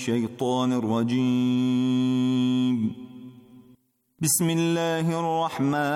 الشيطان الرجيم بسم الله الرحمن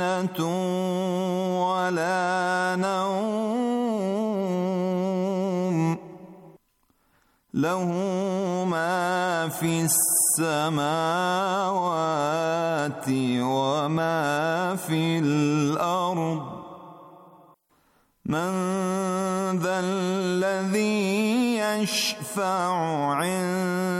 ولا نوم له ما في السماوات وما في الأرض من ذا الذي يشفع عنده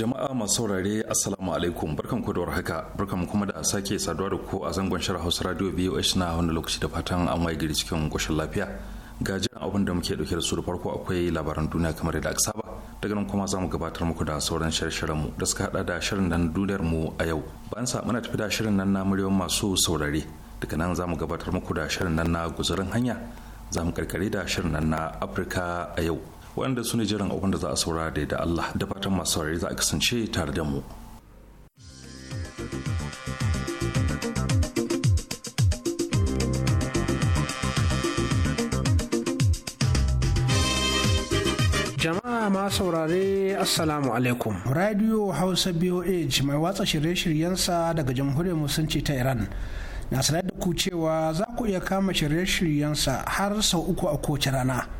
jama'a masu saurare assalamu alaikum barkan ku da warhaka barkan kuma da sake saduwa da ku a zangon shirin hausa radio BOS na wani lokaci da fatan an waye gari cikin koshin lafiya ga jiran abin da muke dauke da su da farko akwai labaran duniya kamar yadda aka saba daga nan kuma za mu gabatar muku da sauran shirye-shiryen mu da suka hada da shirin nan duniyar mu a yau bayan sa muna tafi da shirin nan na muryoyin masu saurare daga nan za mu gabatar muku da shirin nan na guzurin hanya za mu karkare da shirin nan na afirka a yau waɗanda su ne jiran abin da za a saurara da Allah da fatan masu saurari za a kasance tare da mu. Jama'a ma saurare Assalamu alaikum. Radio Hausa BOH mai watsa shirye-shiryensa daga Jamhuriyar Musulunci ta Iran. Na sanar da ku cewa za ku iya kama shirye-shiryensa har sau uku a kowace rana.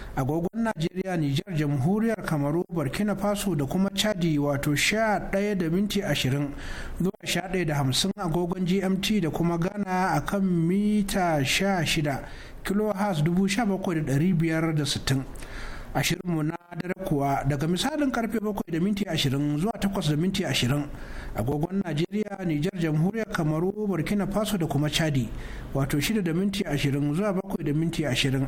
agogon najeriya nijar jamhuriyar kamaru burkina faso da kuma chadi wato ɗaya da minti ashirin zuwa sha ɗaya da hamsin agogon gmt da kuma ghana a kan mita shida dubu sha bakwai da sittin ashirinmu na dare kuwa daga misalin karfe bakwai da minti ashirin zuwa takwas da minti ashirin agogon najeriya nijar jamhuriyar kamaru burkina faso da kuma chadi wato shida da minti ashirin zuwa bakwai da minti ashirin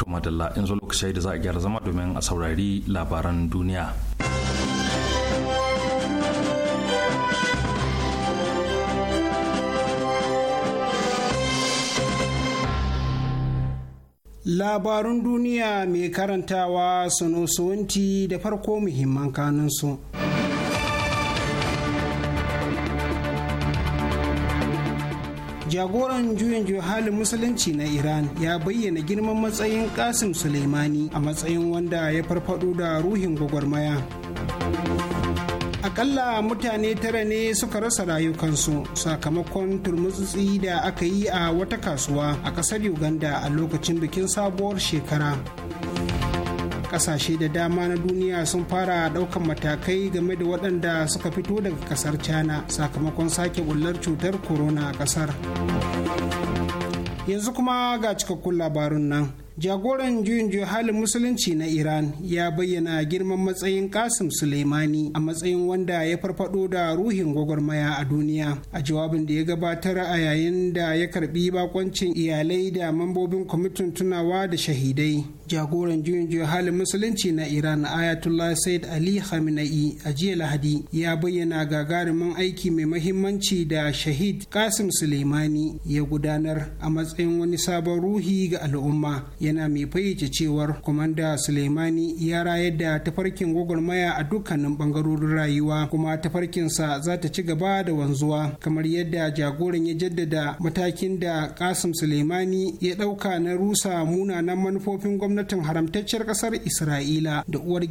To madalla in zo lokaci da za a gyara zama domin a saurari labaran duniya. Labarun duniya mai karantawa sunusuwanti da farko muhimman kanunsu. jagoran juyin juya halin musulunci na iran ya bayyana girman matsayin kasim suleimani a matsayin wanda ya farfado da ruhin gwagwarmaya akalla mutane tara ne suka rasa rayukansu sakamakon turmutsi da aka yi a wata kasuwa a kasar uganda a lokacin bikin sabuwar shekara kasashe da dama na duniya sun fara daukan matakai game da waɗanda suka fito daga kasar china sakamakon sake bullar cutar corona a kasar yanzu kuma ga cikakkun labarun nan jagoran juyin halin musulunci na iran ya bayyana girman matsayin kasim suleimani a matsayin wanda ya farfado da ruhin gwagwarmaya a duniya a jawabin da ya gabatar a yayin da ya karbi bakoncin iyalai da mambobin kwamitin tunawa da shahidai jagoran juyin halin musulunci na iran ayatollah said ali khamenei a jiya lahadi ya bayyana gagarumin aiki mai mahimmanci da shahid kasim suleimani ya gudanar a matsayin wani sabon ruhi ga al'umma yana mai fayyace cewar kwamanda suleimani ya rayar da tafarkin gwagwarmaya a dukkanin bangarorin rayuwa kuma tafarkinsa za ta ci gaba da wanzuwa kamar yadda jagoran ya jaddada matakin da kasim suleimani ya ɗauka na rusa munanan manufofin gwamnatin haramtacciyar ƙasar isra'ila da uwar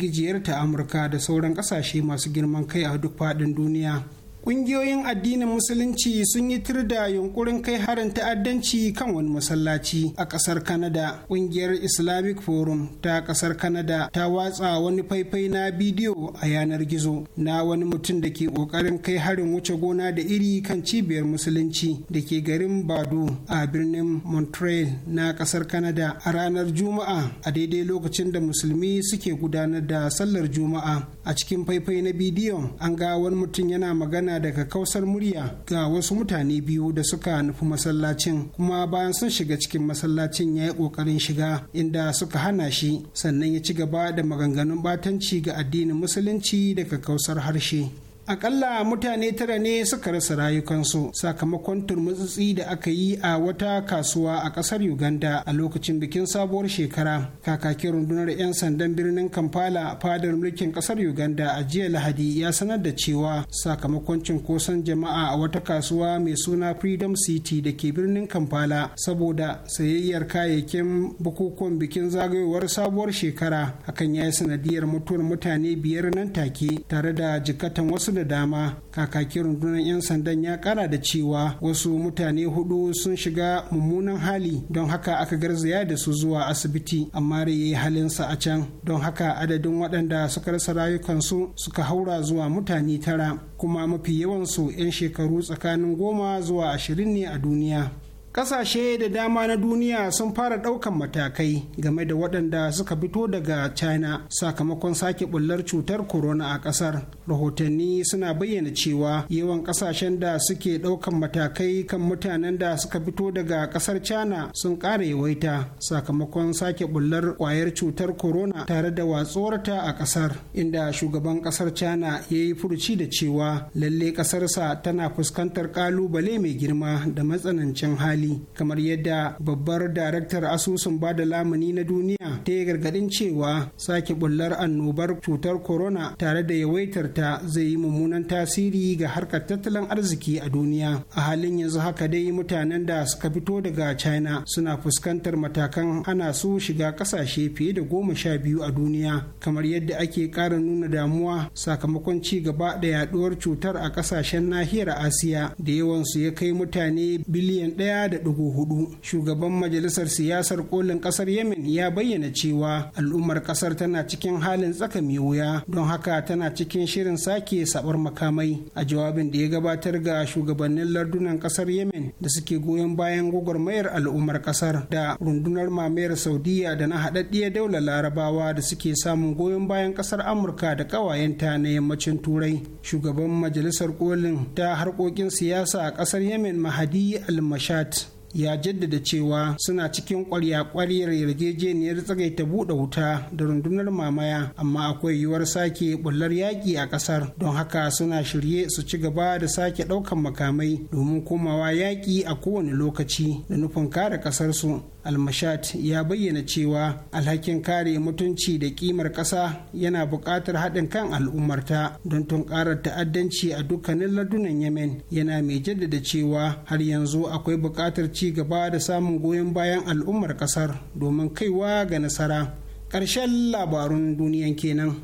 ta amurka da sauran ƙasashe masu girman kai a duk faɗin duniya Ƙungiyoyin addinin Musulunci sun yi tir da yunkurin kai harin ta'addanci kan wani masallaci a ƙasar Kanada. Ƙungiyar Islamic Forum ta ƙasar Kanada ta watsa wani faifai na bidiyo a yanar gizo na wani mutum da ke ƙoƙarin kai harin wuce gona da iri kan cibiyar Musulunci da ke garin Bado a birnin Montreal na ƙasar Kanada a ranar Juma'a a daidai lokacin da Musulmi suke gudanar da sallar Juma'a. a cikin faifai na bidiyon an ga wani mutum yana magana daga kausar murya ga wasu mutane biyu da suka nufi masallacin kuma bayan sun shiga cikin masallacin ya yi ƙoƙarin shiga inda suka hana shi sannan ya ci gaba da maganganun batanci ga addinin musulunci daga kausar harshe akalla mutane tara ne suka rasa rayukansu sakamakon turmutsutsi da aka yi a wata kasuwa a kasar uganda a lokacin bikin sabuwar shekara kakakin rundunar 'yan sandan birnin kampala fadar mulkin kasar uganda a jiya lahadi ya sanar da cewa sakamakon cinkoson jama'a a wata kasuwa mai suna freedom city da ke birnin kampala saboda sayayyar kayayyakin bukukuwan bikin zagayowar sabuwar shekara hakan ya yi sanadiyar mutuwar mutane biyar nan take tare da jikatan wasu da dama kakakin rundunar 'yan sandan ya kara da cewa wasu mutane hudu sun shiga mummunan hali don haka aka garzaya da su zuwa asibiti amma da yi halinsa a can don haka adadin waɗanda suka rasa rayukansu suka haura zuwa mutane tara kuma mafi yawansu 'yan shekaru tsakanin goma zuwa ashirin ne a duniya Ƙasashe da dama na duniya sun fara ɗaukan matakai game da waɗanda suka fito daga China sakamakon sake bullar cutar corona a ƙasar. Rahotanni suna bayyana cewa yawan ƙasashen da suke ɗaukan matakai kan mutanen da suka fito daga ƙasar China sun ƙara yawaita sakamakon sake bullar kwayar cutar corona tare da watsuwarta a ƙasar. Inda shugaban ƙasar China ya yi furuci da cewa lalle ƙasarsa tana fuskantar ƙalubale mai girma da matsanancin hali. hankali kamar yadda babbar daraktar asusun ba da lamuni na duniya ta yi gargadin cewa sake bullar annobar cutar corona tare da yawaitar ta zai yi mummunan tasiri ga harkar tattalin arziki a duniya a halin yanzu haka dai mutanen da suka fito daga china suna fuskantar matakan hana su shiga kasashe fiye da goma sha biyu a duniya kamar yadda ake ƙara nuna damuwa sakamakon ci gaba da yaduwar cutar a kasashen nahiyar asiya da yawansu ya kai mutane biliyan ɗaya da hudu shugaban majalisar siyasar kolin ƙasar yemen ya bayyana cewa al'ummar ƙasar tana cikin halin tsaka mai wuya don haka tana cikin shirin sake sabar makamai a jawabin da ya gabatar ga shugabannin lardunan ƙasar yemen da suke goyon bayan gwagwarmayar al'ummar ƙasar da rundunar mamayar saudiya da na haɗaɗɗiya daular larabawa da suke samun goyon bayan ƙasar amurka da ƙawayenta na yammacin turai shugaban majalisar kolin ta harkokin siyasa a ƙasar yemen mahadi al-mashat ya jaddada cewa suna cikin kwarya-kwaryar yarjejeniyar tsagaita buɗe wuta da rundunar mamaya amma akwai yiwuwar sake bullar yaƙi a ƙasar don haka suna shirye su ci gaba da sake ɗaukan makamai domin komawa yaƙi a kowane lokaci da nufin kare ƙasarsu almashat ya bayyana cewa alhakin kare mutunci da kimar ƙasa yana buƙatar haɗin kan al'ummarta don tunkarar ta'addanci a dukkanin lardunan yemen yana mai jaddada cewa har yanzu akwai buƙatar ci gaba da samun goyon bayan al'ummar ƙasar domin kaiwa ga nasara ƙarshen labarun duniyan kenan.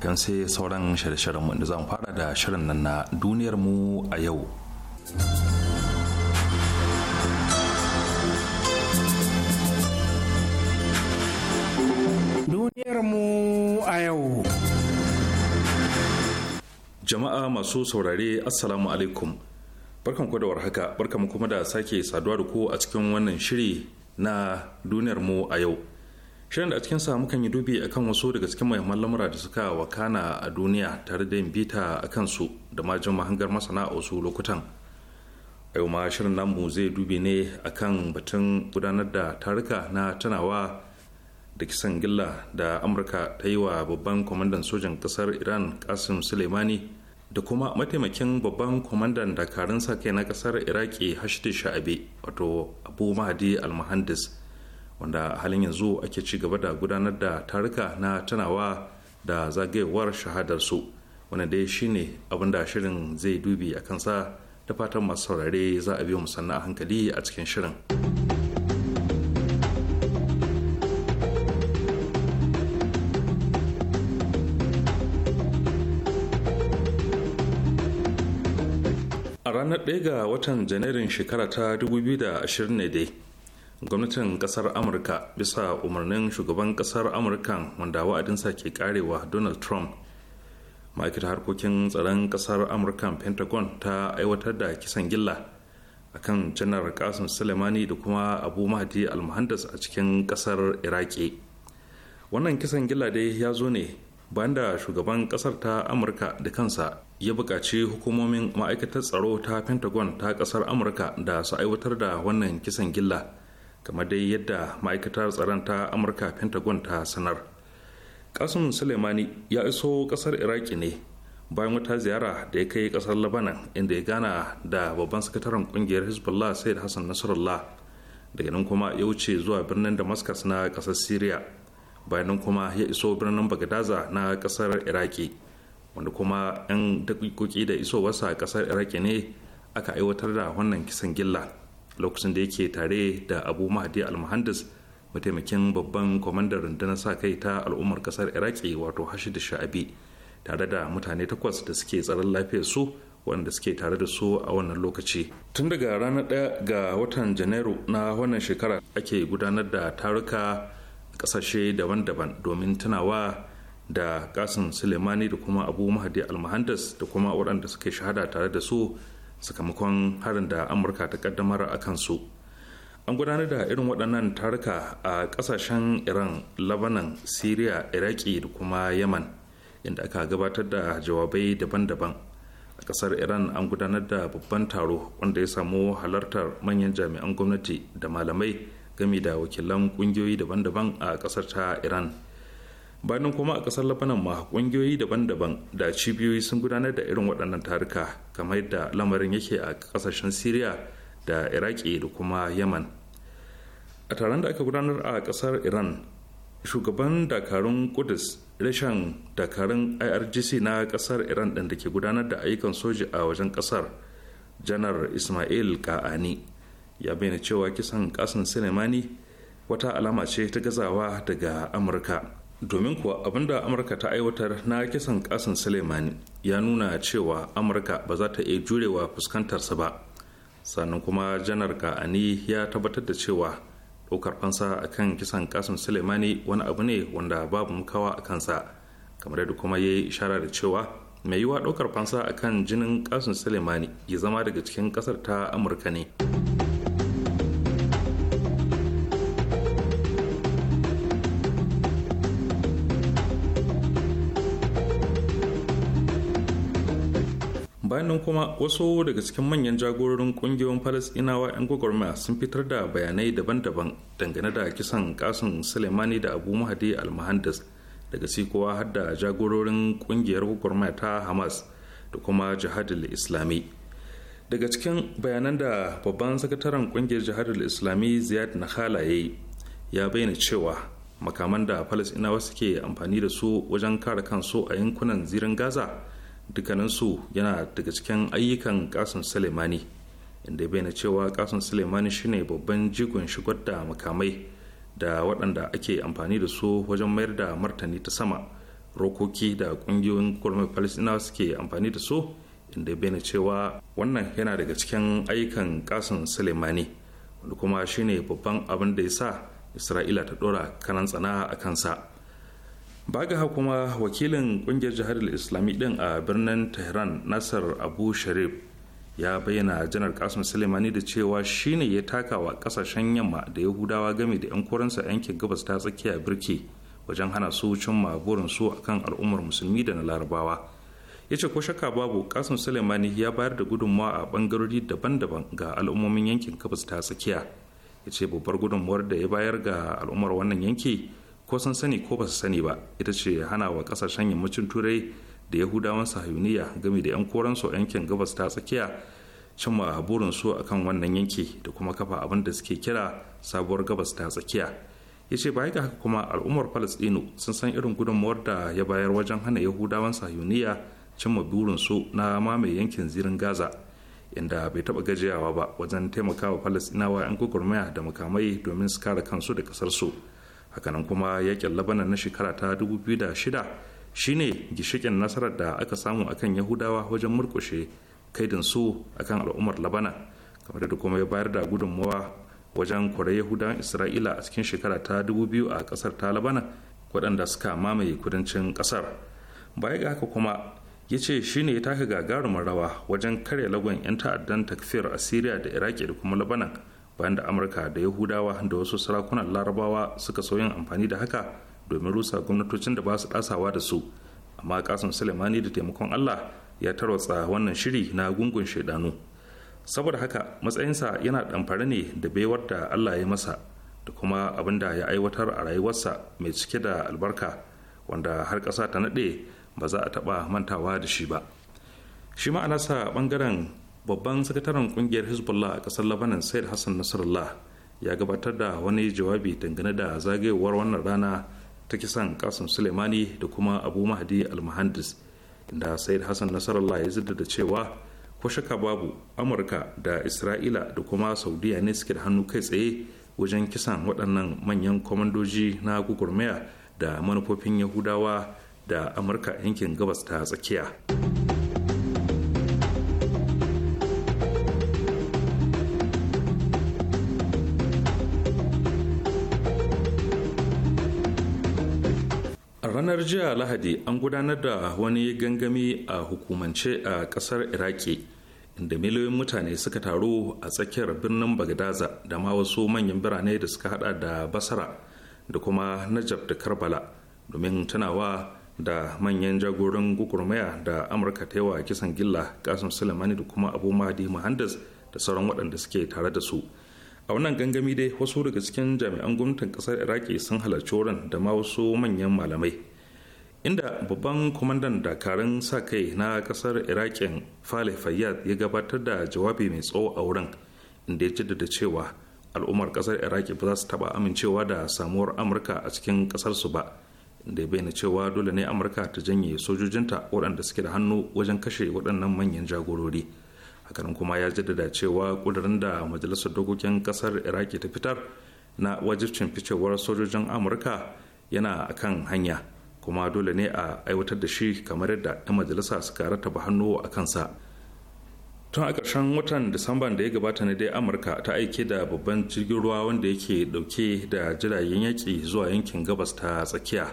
Kan sai sauran shirye-shiryen inda za mu fara da shirin nan na duniyarmu mu a yau duniyar a yau jama'a masu saurare assalamu alaikum barkan ku da warhaka barkan kuma da sake saduwa da ku a cikin wannan shiri na duniyarmu a yau shirin da a cikin sa mukan yi dubi akan wasu daga cikin muhimman lamura da suka wakana a duniya tare da yin bita a kansu da majin mahangar masana a wasu lokutan a yau ma shirin namu zai dubi ne akan batun gudanar da taruka na tunawa da kisan gilla da amurka ta yi wa babban kwamandan sojan kasar iran kasim suleimani da kuma mataimakin babban kwamandan dakarun sa kai na kasar iraki hashti sha'abi wato abu mahadi almuhandis wanda halin yanzu ake ci gaba da gudanar da taruka na tunawa da zagayewar shahadarsu wanda dai shine abin da shirin zai dubi a kansa da fatan masu saurare za a biyo musanna a hankali a cikin shirin. a ranar 1 ga watan janairun shekara ta 2020 ne dai gwamnatin kasar amurka bisa umarnin shugaban kasar amurka wanda wa'adinsa ke karewa donald trump maaikata harkokin tsaron kasar amurka pentagon ta aiwatar da kisan gilla a kan janar kasim sulemani da kuma abu mahdi almuhandas a cikin kasar iraki wannan kisan gilla dai ya zo ne bayan da shugaban kasar ta amurka da kansa ya buƙaci hukumomin ma'aikatar tsaro ta pentagon ta kasar amurka da su aiwatar da wannan kisan gilla kamar dai yadda ma'aikatar tsaron ta amurka pentagon ta sanar kasim suleimani ya iso kasar iraki ne bayan wata ziyara da ya kai kasar labanan inda ya gana da babban sakataren kungiyar hezbollah da hassan nasarallah daga nan kuma ya wuce zuwa birnin damascus na kasar syria bayan nan kuma ya iso birnin bagadaza na kasar iraki wanda kuma 'yan dakikoki da isowarsa kasar iraki ne aka aiwatar da wannan kisan gilla lokacin da yake tare da abu mahdi almuhandis mataimakin babban kwamandan rundunar sa kai ta al'ummar kasar iraki wato hashid sha'abi tare da mutane takwas da suke tsaron lafiyar su wanda suke tare da su a wannan lokaci tun daga ranar ɗaya ga watan janairu na wannan shekara ake gudanar da taruka kasashe daban-daban domin tunawa da kasin sulemani da kuma abu mahadi almuhandis da kuma waɗanda suke shahada tare da su sakamakon harin da amurka ta kaddamar a kansu an gudanar da irin waɗannan taruka a ƙasashen iran labanan syria iraki da kuma yaman inda aka gabatar da jawabai daban-daban a ƙasar iran an gudanar da babban taro wanda ya samu halartar manyan jami'an gwamnati da malamai game da wakilan ƙungiyoyi daban-daban a ƙasar ta iran bayan kuma a kasar labanan ma kungiyoyi daban-daban da cibiyoyi sun gudanar da irin waɗannan taruka kamar yadda lamarin yake a kasashen syria da iraki da kuma yaman a taron da aka gudanar a ƙasar iran shugaban dakarun kudus rashin dakarun irgc na ƙasar iran ɗin da ke gudanar da ayyukan soji a wajen ƙasar janar ismail ka'ani ya bayyana cewa kisan kasan sinimani wata alama ce ta gazawa daga amurka domin kuwa abinda amurka ta aiwatar na kisan kasan suleimani ya nuna cewa amurka ba za ta iya jurewa fuskantarsa ba sannan kuma janar ka'ani ya tabbatar da cewa ɗaukar fansa a kan kisan kasan suleimani wani abu ne wanda babu mukawa a kansa kamar da kuma ya yi ishara da cewa mai yiwa ɗaukar fansa a kan jinin kasan suleimani ya zama daga cikin ƙasar ta amurka ne. bayan nan kuma wasu daga cikin manyan jagororin kungiyoyin falasɗinawa 'yan gwagwarma sun fitar da bayanai daban-daban dangane da kisan kasan sulemani da abu mahadi almahandas daga sikowa har da jagororin kungiyar gwagwarmaya ta hamas da kuma jihadul islami daga cikin bayanan da babban sakataren kungiyar jihadul islami ziyad na ya ya bayyana cewa makaman da falasɗinawa suke amfani da su wajen kare kansu a yankunan zirin gaza dukkaninsu yana daga cikin ayyukan kasan sulemani inda bayyana cewa kasan sulemani shine babban jigon shigar da makamai da waɗanda ake amfani da su wajen mayar da martani ta sama rokoki da ƙungiyoyin kurmin palestina suke amfani da su inda bayyana cewa wannan yana daga cikin ayyukan kasan sulemani wanda kuma shine babban abin da ya sa isra'ila ta ɗora kanan tsana a kansa baga kuma wakilin kungiyar jihar islami din a birnin tehran nasar abu sharif ya bayyana janar kasim suleimani da cewa shine ya taka wa kasashen yamma da yahudawa game da yan kuransa yankin gabas ta tsakiya birki wajen hana su cimma burinsu akan al'ummar musulmi da na larabawa ya ce ko shakka babu kasim suleimani ya bayar da gudunmawa a bangarori daban-daban ga al'ummomin yankin gabas ta tsakiya ya ce babbar gudunmawar da ya bayar ga al'ummar wannan yanki ko sun sani ko ba su sani ba ita ce hana wa kasashen yammacin turai da yahudawan sahiyuniya game da 'yan koransu yankin gabas ta tsakiya cimma burin su a kan wannan yanki da kuma kafa abin da suke kira sabuwar gabas ta tsakiya ya ce ba haka kuma al'ummar palestino sun san irin gudunmuwar da ya bayar wajen hana yahudawan sahiyuniya cimma burin su na mamaye yankin zirin gaza inda bai taba gajiyawa ba wajen taimakawa palestinawa 'yan gwagwarmaya da makamai domin su kare kansu da kasarsu su hakanan kuma yakin labanan na shekara ta 2006 shine gishikin nasarar da aka samu akan yahudawa wajen murkushe kaidin su akan al'ummar labanan kamar da kuma ya bayar da gudunmawa wajen kwarar yahudawan isra'ila a cikin shekara ta 2000 a kasar ta labanan waɗanda suka mamaye kudancin kasar baya ga haka kuma ya ce shi ne ya taka gagarumin rawa wajen karya lagon 'yan ta'addan takfir a da iraki da kuma labanan bayan da amurka da yahudawa da wasu sarakunan larabawa suka sauyin amfani da haka domin rusa gwamnatocin da ba su dasawa da su amma kasan sulemani da taimakon allah ya tarwatsa wannan shiri na gungun shaidanu saboda haka matsayinsa yana ɗanfara ne da baiwar da allah ya masa da kuma abin da ya aiwatar a rayuwarsa mai cike da albarka wanda har ƙasa ta naɗe ba za a taɓa mantawa da shi ba shi ma'anarsa ɓangaren babban sakataren kungiyar hezbollah a kasar labanan said hassan nasarallah ya gabatar da wani jawabi dangane da zagayowar wannan rana ta kisan kasan suleimani da kuma abu mahdi almuhandis da said hassan nasarallah ya da cewa ko shaka babu amurka da isra'ila da kuma saudiya ne suke da hannu kai tsaye wajen kisan waɗannan manyan kwamandoji na gugurmaya da manufofin yahudawa da amurka yankin gabas ta tsakiya. ranar jiya lahadi an gudanar da wani gangami a hukumance a kasar iraki inda miliyoyin mutane suka taru a tsakiyar birnin bagdaza da ma wasu manyan birane da suka hada da basara da kuma najab da karbala domin tunawa da manyan jagoran gugurmaya da amurka ta yawa kisan gilla kasim sulemani da kuma abu mahdi muhandas da sauran waɗanda suke tare da su a wannan gangami dai wasu daga cikin jami'an gwamnatin kasar iraki sun halarci wurin da ma wasu manyan malamai inda babban kwamandan dakarun sa kai na kasar iraƙin fale fayyad ya gabatar da jawabi mai tsawo a wurin inda ya jaddada cewa al'ummar kasar iraki ba za su taba amincewa da samuwar amurka a cikin kasarsu ba inda ya bayyana cewa dole ne amurka ta janye sojojinta waɗanda suke da hannu wajen kashe waɗannan manyan jagorori hakanan kuma ya jaddada cewa ƙudurin da majalisar dokokin kasar iraki ta fitar na wajibcin ficewar sojojin amurka yana akan hanya kuma dole ne a aiwatar da shi kamar yadda 'yan majalisa suka rataba hannu a kansa tun a ƙarshen watan disamban da ya gabata ne dai amurka ta aike da babban jirgin ruwa wanda yake dauke da jiragen yaƙi zuwa yankin gabas ta tsakiya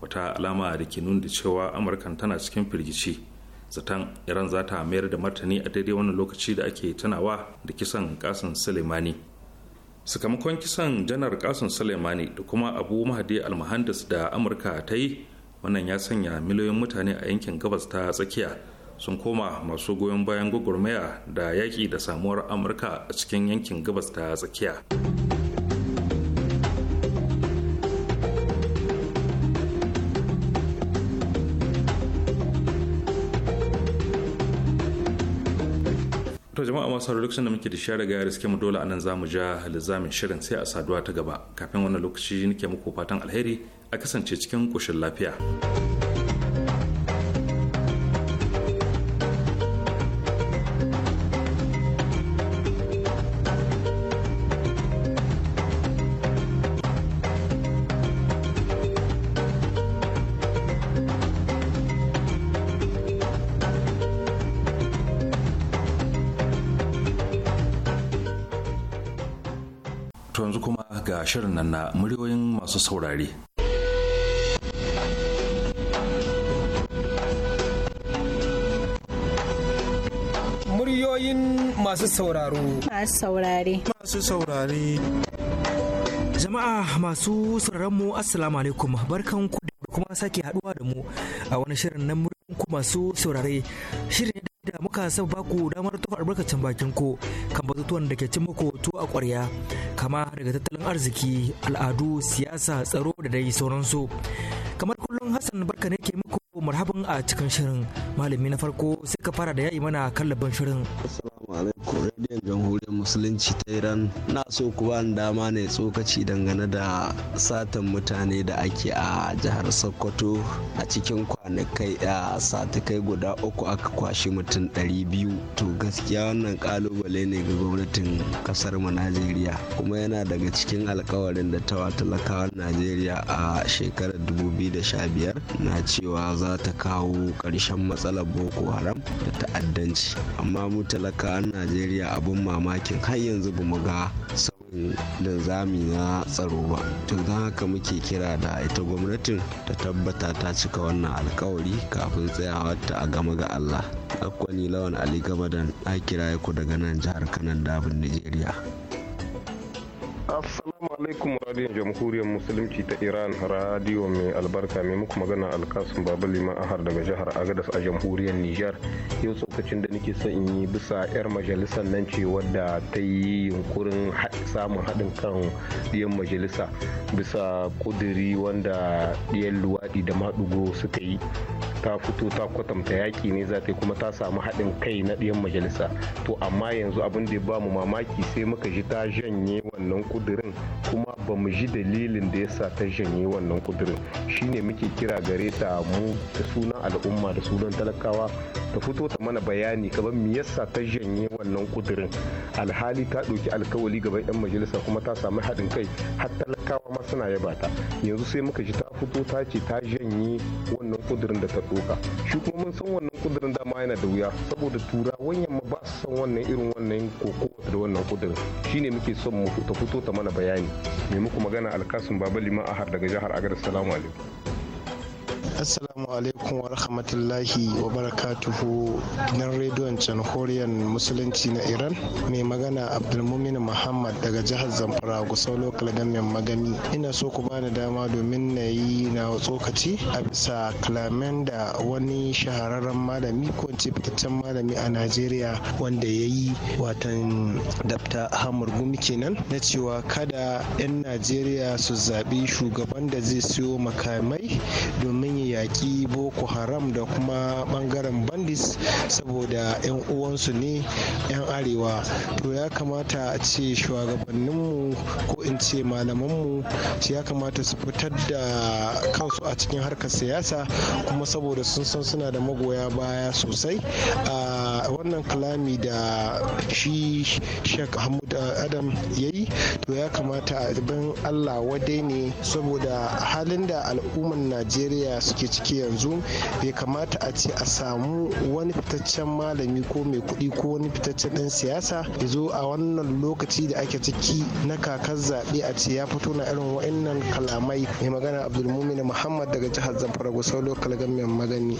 wata alama da ke nuna cewa amurkan tana cikin firgici zaton iran za ta mayar da martani a daidai wannan lokaci da ake tanawa da kisan kasan suleimani sakamakon kisan janar kasan suleimani da kuma abu mahadi almahandis da amurka ta yi wannan ya sanya miliyoyin mutane a yankin gabas ta tsakiya sun koma masu goyon bayan gwagwarmaya da yaƙi da samuwar amurka a cikin yankin gabas ta tsakiya jama'a wasu lokacin da muke da share ga riske mu dole anan zamu ja lizamin shirin sai a saduwa ta gaba kafin wannan lokaci nake muku fatan alheri a kasance cikin koshin lafiya. shirin nan na muryoyin masu saurare. Muryoyin masu sauraro. Masu saurare. Masu saurare. Jama'a masu mu Assalamu alaikum barkan ku da kuma sake haduwa da mu a wani shirin na muryoyin ku masu saurare. Shirin muka ba ku damar tufa albarkacin bakin ku kan batutuwan da ke cin muku to a kwarya kama daga tattalin arziki al'adu siyasa tsaro da dai sauransu kamar kullum hassan barka ne ke marhaban a cikin shirin malami na farko sai ka fara da yayi mana kallabin shirin assalamu alaikum radiyon jamhuriyar musulunci ta iran na so ku ba dama ne tsokaci dangane da satan mutane da ake a jihar sokoto a cikin kwanakai a satakai guda uku aka kwashi mutum ɗari biyu. to gaskiya wannan kalubale ne ga gwamnatin kasar mu najeriya kuma yana daga cikin alkawarin da ta talakawan najeriya a shekarar 2015 na cewa za ta kawo karshen matsalar boko haram da ta'addanci amma mu a najeriya abin mamakin har yanzu ba mu ga da zami na tsaro ba to don haka muke kira da ita gwamnatin ta tabbata ta cika wannan alkawari kafin ta a gama ga allah akwai lawan ali gabadan a kira ku daga nan jihar kanan dabin nigeria Assalamu alaikum radiyon jamhuriyar musulunci ta Iran radiyo mai albarka mai muku magana alkasun babalima ahar daga jihar Agadas a jamhuriyar Nijar. Yau tsokacin da nake son yi bisa 'yar majalisar nan ce wadda ta yi yunkurin samun haɗin kan ɗiyan majalisa bisa ƙudiri wanda ɗiyan luwaɗi da maɗugo suka yi ta fito ta kwatanta yaƙi ne za ta kuma ta samu haɗin kai na ɗiyan majalisa to amma yanzu abin da ya ba mu mamaki sai muka ji ta janye wannan kudirin kuma ba mu ji dalilin da ya sa ta janye wannan kudirin shine muke kira gare ta mu da sunan al'umma da sunan talakawa ta fito ta mana bayani kamar me yasa ta janye wannan kudirin alhali ta ɗauki alkawali gaban 'yan majalisa kuma ta samu haɗin kai har talakawa ma suna yaba ta yanzu sai muka ji ta fito ta ce ta janye wannan kudirin da ta ɗo doka shi kuma mun san wannan kudirin dama yana da wuya saboda turawan yamma ba su san wannan irin wannan koko da wannan kudirin shine muke son mu ta fito ta mana bayani muku magana alkasun baba liman har daga jihar agar salamu alaikum assalamu alaikum wa rahmatullahi wa barakatuhu gidan rediyon janhuriyar musulunci na iran mai magana abdulmumin muhammad daga jihar zamfara gusau lokal gamin magani ina so ku bani dama domin na yi na tsokaci a bisa kalamen da wani shahararren malami ko ce fitaccen malami a najeriya wanda ya yi watan dafta hamur gumi kenan na cewa kada 'yan najeriya su zaɓi shugaban da zai siyo makamai domin ya yaƙi boko haram da kuma bangaren bandis saboda 'yan uwansu ne 'yan arewa to ya kamata a ce shugabanninmu ko in ce malamanmu ya kamata su fitar da kansu a cikin harkar siyasa kuma saboda sun san suna da magoya baya sosai a wannan kalami da shi sheikh hamud adam ya yi to ya kamata a allah wadai ne saboda halin da al'ummar najeriya ake ciki yanzu bai kamata a ce a samu wani fitaccen malami ko mai kuɗi ko wani fitaccen ɗan siyasa ya zo a wannan lokaci da ake ciki na kakar zaɓe a ce ya fito na irin wa'annan kalamai mai magana abdulmumin muhammad daga jihar zamfara gusau lokal gamin magani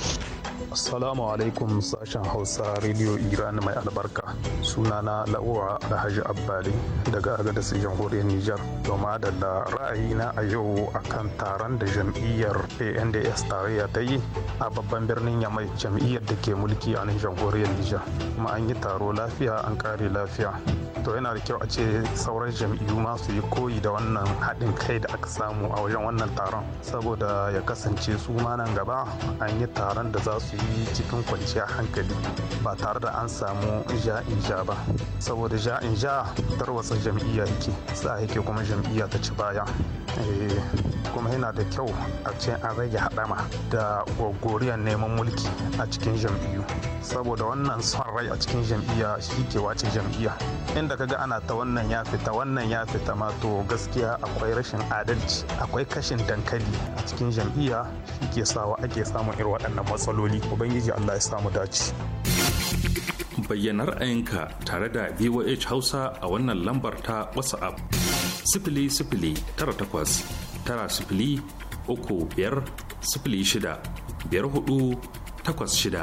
Assalamu alaikum sashen Hausa Radio Iran mai albarka. Sunana La'uwa Alhaji Abbali daga su Jamhuriyar Nijar. Domin da ra'ayina a yau akan taron da jam'iyyar ANDS tarayya ta yi a babban birnin yamai jam'iyyar da ke mulki a nan jamhuriyar nijar kuma an yi taro lafiya an kare lafiya to yana da kyau a ce sauran jam'iyyu ma su yi koyi da wannan haɗin kai da aka samu a wajen wannan taron saboda ya kasance su ma nan gaba an yi taron da za su yi cikin kwanciya hankali ba tare da an samu ja ja ba saboda ja in ja tarwatsa jam'iyya yake sa yake kuma jam'iyya ta ci baya Eh, kuma yana da kyau a ce an rage hadama da gogoriyar neman mulki a cikin jam'iyyu saboda wannan son rai a cikin jam'iyya shi ke wace jam'iyya inda kaga ana ta wannan ya fita wannan ya fita ma to gaskiya akwai rashin adalci akwai kashin dankali a cikin jam'iyya shi ke sawa ake samun irin waɗannan matsaloli ubangiji allah ya samu dace bayyana ra'ayinka tare da voh hausa a wannan lambar ta whatsapp uku biyar sifili shida biyar hudu takwas shida.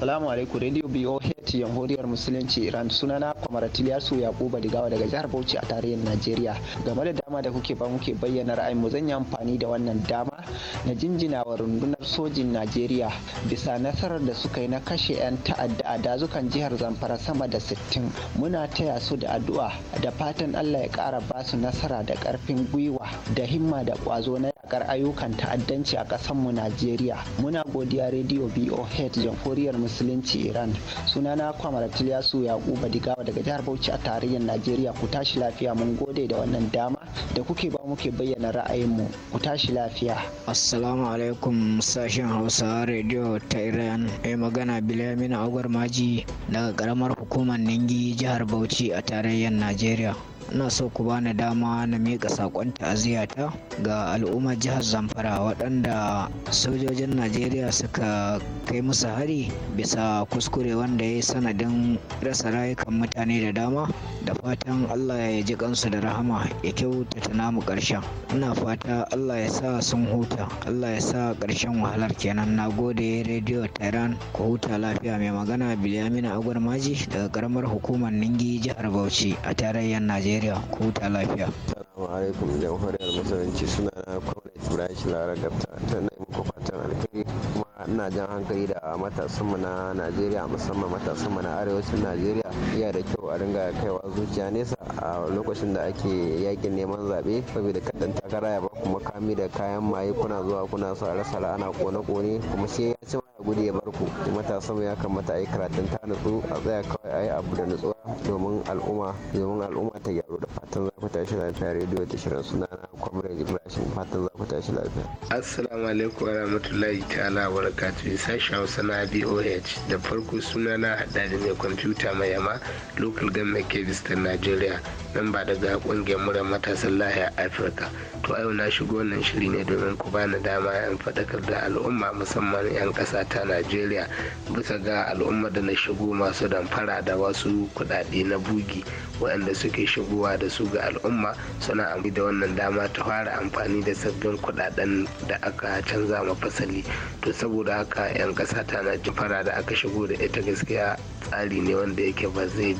Assalamu alaikum Radio BOH Jamhuriyar Musulunci Iran sunana Kwamaratil Yasu Yakuba Digawa daga jihar Bauchi a tarihin Najeriya. Game da dama da kuke ba muke bayyana ra'ayin mu zan yi amfani da wannan dama na jinjina wa rundunar sojin Najeriya bisa nasarar da suka yi na kashe 'yan ta'adda a dazukan jihar Zamfara sama da sittin, Muna taya su da addu'a da fatan Allah ya kara basu nasara da karfin gwiwa da himma da ƙwazo na yakar ayyukan ta'addanci a ƙasanmu Najeriya. Muna godiya Radio BOH Jamhuriyar Musulunci Iran. Sunana Kwamar Tilyasu Yakuba Digawa daga jihar Bauchi a tarayyar Najeriya ku tashi lafiya mun gode da wannan dama da kuke ba muke bayyana ra'ayinmu ku tashi lafiya. Assalamu alaikum sashen Hausa Radio ta Iran. Ai magana Bilamina Agwar Maji daga karamar hukumar Ningi jihar Bauchi a tarayyar Najeriya. ina so ku bani dama na miƙa saƙon ta'aziyata ga al'ummar jihar zamfara waɗanda sojojin najeriya suka kai musu hari bisa kuskure wanda ya yi sanadin rasa rayukan mutane da dama da fatan allah ya ji kansu da rahama ya kyauta ta namu ƙarshen ina fata allah ya sa sun huta allah ya sa ƙarshen wahalar kenan na gode rediyo tehran ku huta lafiya mai magana biliyamina agwar maji daga ƙaramar hukumar ningi jihar bauchi a tarayyar najeriya Najeriya ko ta lafiya. Assalamu alaikum jamhuriyar musulunci suna na Comrade Ibrahim Lara Gabta ta na muku fatan alheri kuma ina jan hankali da matasan mu na Najeriya musamman matasan mu na arewacin Najeriya iya da kyau a ringa kaiwa zuciya nesa a lokacin da ake yakin neman zaɓe saboda kaɗan takara ya ba ku makami da kayan maye kuna zuwa kuna sa rasa la'ana kone-kone kuma sai ya ci gudu ya barku matasan ya kamata a yi karatun ta nutsu a tsaya kawai a yi abu da nutsuwa domin al'umma domin al'umma ta gyaru da fatan za ku tashi lafiya rediyo ta shirin suna na kwamrade ibrahim fatan za ku tashi lafiya assalamu alaikum wa rahmatullahi ta'ala wa barakatuhu sashen hausa na boh da farko suna na hada da mai kwamfuta mai yama local government kebis ta nigeria ba daga kungiyar murar matasan lahiya afirka to a yau na shigo wannan shiri ne domin ku bani dama yan fadakar da al'umma musamman yan kasa ta najeriya bisa ga al'umma da na shigo masu damfara da wasu kudade na bugi waɗanda suke shigowa da su ga al'umma suna amfani da wannan dama ta fara amfani da sabbin kudaden da aka canza ma fasali to saboda haka yan kasata ta najeriya da aka shigo da ita gaskiya tsari ne wanda yake ba zai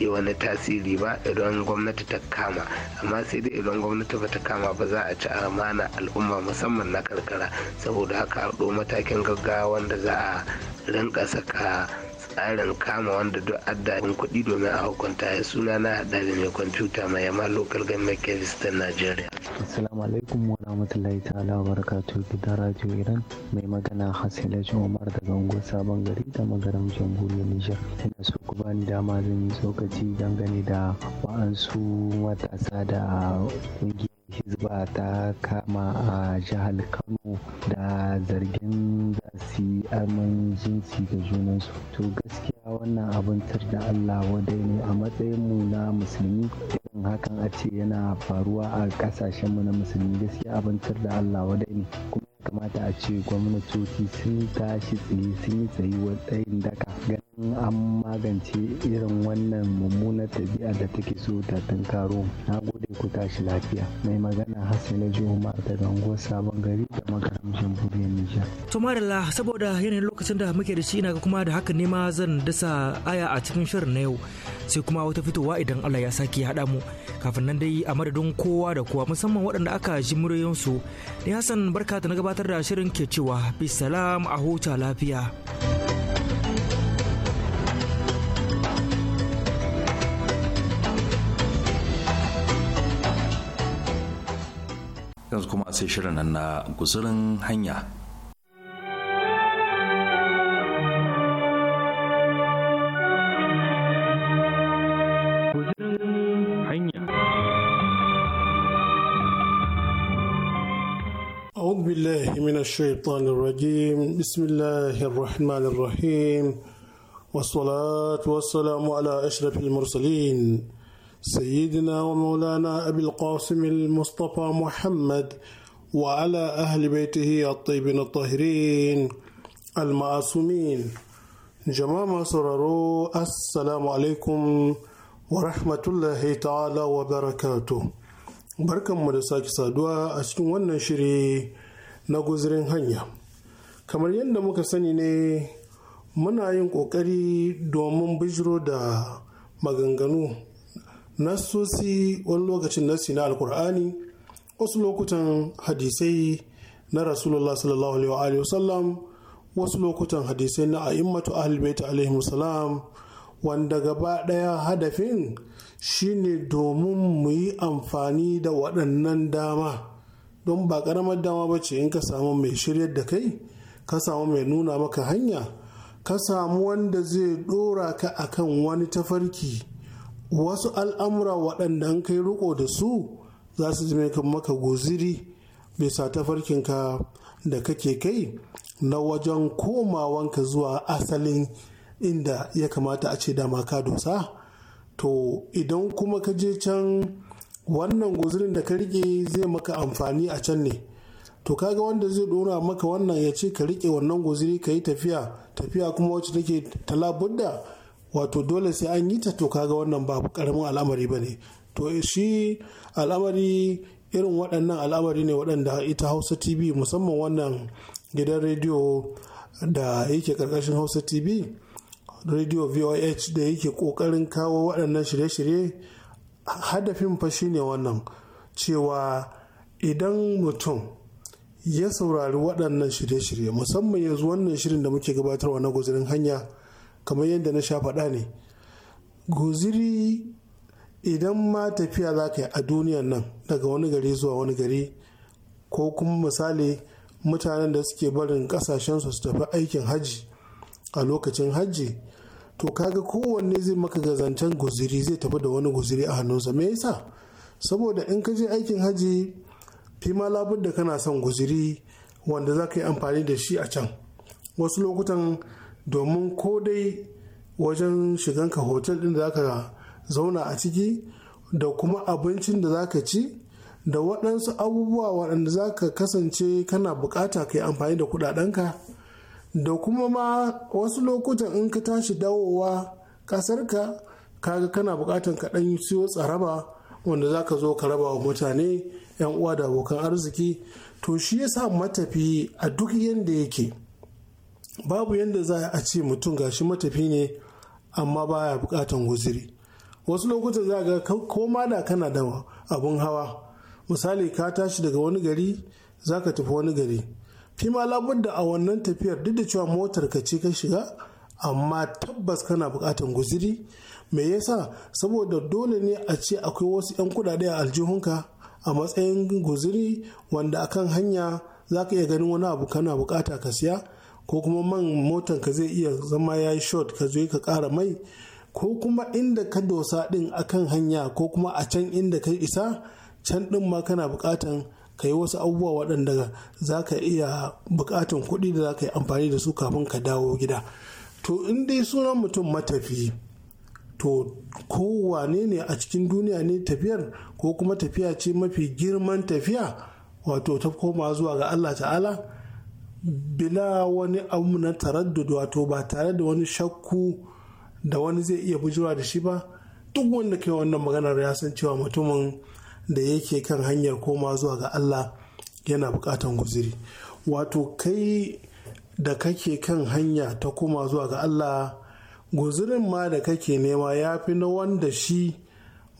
yi wani tasiri ba idan gwamnati ta kama amma sai dai idan gwamnati ba ta kama ba za a ci amana al'umma musamman na karkara saboda haka a matakin gaggawa wanda za a rinka saka tsarin kama wanda duk addadin kuɗi domin a hukunta ya suna na haɗa da mai kwamfuta mai yamma local government kebis ta nigeria assalamu alaikum wa rahmatullahi ta'ala wa barakatu gidan radio iran mai magana hasilaji umar daga unguwar sabon gari ta magaram jamhuriyar nijar ina so ku bani dama zan yi tsokaci dangane da wa'ansu matasa da ƙungiyar hizba ta kama a jihar kano da zargin za su yi jinsi da junansu to gaskiya wannan abin da allah wadai ne a matsayinmu na musulmi irin hakan a ce yana faruwa a kasashenmu na musulmi gaskiya abin da allah wadai ne kuma kamata a ce gwamnatoci sun tashi tsaye sun yi tsaye wa tsayin daka in an magance irin wannan mummunar tabi'a da take so ta tunkaro na gode ku tashi lafiya mai magana na juma daga unguwar sabon gari da makaramcin buriyar nijar tumarila saboda yanayin lokacin da muke da shi ina kuma da haka ne ma zan dasa aya a cikin shirin na yau sai kuma wata fitowa idan allah ya sake haɗa mu kafin nan dai a madadin kowa da kowa musamman waɗanda aka ji muryoyinsu ni hassan barka ta na gabatar da shirin ke cewa bisalam a huta lafiya. sai shirin nan na guzurin hanya أعوذ بالله من الشيطان الرجيم بسم الله الرحمن الرحيم والصلاة والسلام على أشرف المرسلين سيدنا ومولانا أبي القاسم المصطفى محمد وعلى أهل بيته الطيبين الطاهرين المعصومين جماعة سرروا السلام عليكم ورحمة الله تعالى وبركاته barkanmu da sake saduwa a cikin wannan shiri na guzirin hanya kamar yadda muka sani ne muna yin ƙoƙari domin bijiro da maganganu nasosi wani lokacin nasi na alkur'ani wasu lokutan hadisai na rasulullah sallallahu alaihi wa wasallam wasu lokutan hadisai na a'immatu ahlbaita alaihi salam wanda gaba ɗaya hadafin shine domin mu yi amfani da waɗannan dama don ba ƙaramar dama ba ce in ka samu mai shiryar da kai ka samu mai nuna maka hanya ka samu wanda zai ɗora ka akan wani tafarki wasu al'amura waɗanda an kai riko da su za su ji maka guziri bisa tafarkinka da kake kai na wajen komawanka zuwa asalin inda ya kamata a ce dama ka dosa to idan kuma ka je can wannan guzirin da ka rike zai maka amfani a can ne to kaga wanda zai dora maka wannan ya ce ka rike wannan guziri ka yi tafiya tafiya kuma wacce take talabudda wato dole sai an yi ta to kaga wannan ba karamin al'amari ba ne to shi al'amari irin waɗannan al'amari ne waɗanda ita hausa tv musamman wannan gidan rediyo da yake ƙarƙashin hausa tv radio voh da yake ƙoƙarin kawo waɗannan shirye-shirye hadafin fa ne wannan cewa idan mutum ya saurari waɗannan shirye-shirye musamman yanzu wannan shirin da muke gabatarwa na guzirin hanya kamar yadda na sha faɗa ne guziri idan ma tafiya za ka yi a duniyan nan daga wani gari zuwa wani gari ko kuma misali mutanen da suke barin kasashensu su tafi aikin hajji a lokacin hajji to kaga kowanne zai maka gazancen guziri zai tafi da wani guziri a hannunsa me yasa saboda in ka je aikin hajji fi ma da kana son guziri wanda za ka yi amfani da shi a can wasu lokutan domin ko dai wajen shiganka hotel din da za ka zauna a ciki da kuma abincin da za ka ci da waɗansu abubuwa waɗanda za ka kasance kana bukata ka yi amfani da kuɗaɗenka da kuma ma wasu lokutan in ka tashi dawowa ƙasarka kaga kana bukatan ka ɗan siyo tsaraba wanda za ka zo ka raba wa mutane 'yan uwa da abokan arziki to shi ya sa matafi a duk yadda yake babu yadda za a ce mutum gashi matafi ne amma baya bukatan guziri wasu lokutan za ga ko da kana da abun hawa misali ka tashi daga wani gari za ka tafi wani gari fi ma da a wannan tafiyar duk da cewa motar ka ce ka shiga amma tabbas kana bukatan guziri me yasa saboda dole ne a ce akwai wasu 'yan kudade a aljihunka a matsayin guziri wanda akan hanya za ka iya ganin wani abu kana bukata ka siya ko kuma man motar ka zai iya zama ya yi short ka zo ka kara mai ko kuma inda ka dosa din kan hanya ko kuma a can inda ka isa can ɗin ma kana bukatan ka yi wasu abubuwa waɗanda za ka iya bukatan kuɗi da za ka yi amfani da su kafin ka dawo gida to in dai sunan mutum matafi to kowane ne a cikin duniya ne tafiyar ko kuma tafiya ce mafi girman tafiya wato ta koma zuwa ga allah ta'ala bila wani abu na taraddudu wato ba tare da wani shakku da wani zai iya bujura da shi ba duk wanda kai wannan maganar ya san cewa mutumin da yake kan hanyar koma zuwa ga Allah yana bukatan guziri wato kai da kake kan hanya ta koma zuwa ga Allah guzirin ma da kake nema ya fi na wanda shi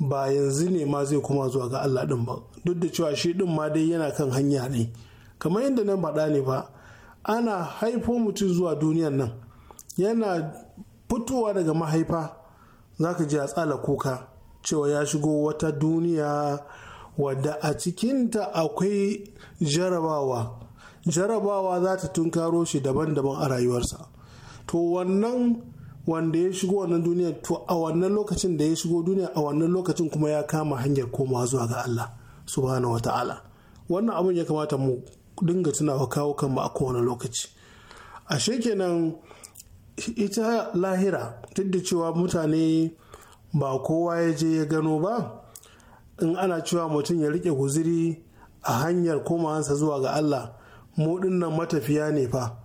ba yanzu ne ma zai koma zuwa ga Allah din ba duk da cewa shi din ma dai yana kan hanya ne kamar yadda nan baɗa ne ba ana haifo mutum zuwa duniyan nan yana fitowa daga mahaifa za ka ji a tsala kuka cewa ya shigo wata duniya wadda a cikinta akwai jarabawa jarabawa za ta tunkaro shi daban-daban a rayuwarsa to wannan wanda ya shigo wannan duniyar to a wannan lokacin da ya shigo duniya a wannan lokacin kuma ya kama hanyar komawa zuwa ga Allah subhanahu wata'ala wannan abin ya kamata mu dinga tunawa kawo kanmu a kowane lokaci ashe kenan ita lahira duk da cewa mutane ba kowa ya je ya gano ba in ana cewa mutum ya rike guziri a hanyar komawansa zuwa ga Allah mu dinnan matafiya ne fa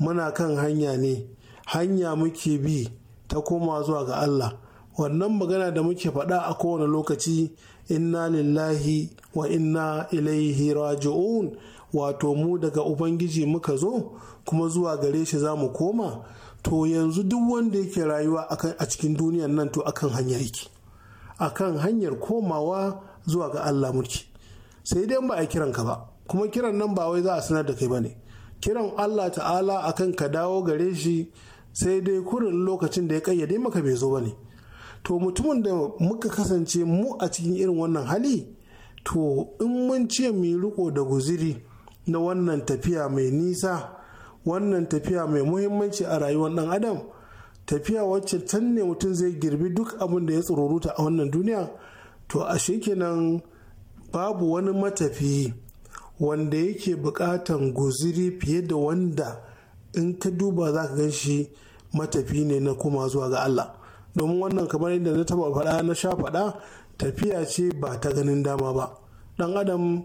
muna kan hanya ne hanya muke bi ta koma zuwa ga Allah wannan magana da muke faɗa a kowane lokaci inna lillahi wa inna ilaihi raji'un wato mu daga ubangiji muka zo kuma zuwa gare shi za mu koma to yanzu duk wanda yake rayuwa a cikin duniyar nan to akan hanya yake akan hanyar komawa zuwa ga Allah mulki sai dai ba a kiran ka ba kuma kiran nan ba wai za a sanar da kai bane kiran Allah ta'ala akan ka dawo gare shi sai dai kurin lokacin da ya kayyade maka bai zo ba ne, to mutumin da muka kasance mu a cikin irin wannan hali to in mun ce mu riko da guziri na wannan tafiya mai nisa wannan tafiya mai muhimmanci a rayuwar dan adam tafiya wacce can ne mutum zai girbi duk abin da ya tsururuta a wannan duniya to a kenan babu wani matafi wanda yake bukatan guziri fiye da wanda in ka duba za ka gan shi matafi ne na kuma zuwa ga Allah domin wannan kamar yadda na taba faɗa na sha faɗa tafiya ce ba ta ganin dama ba ɗan adam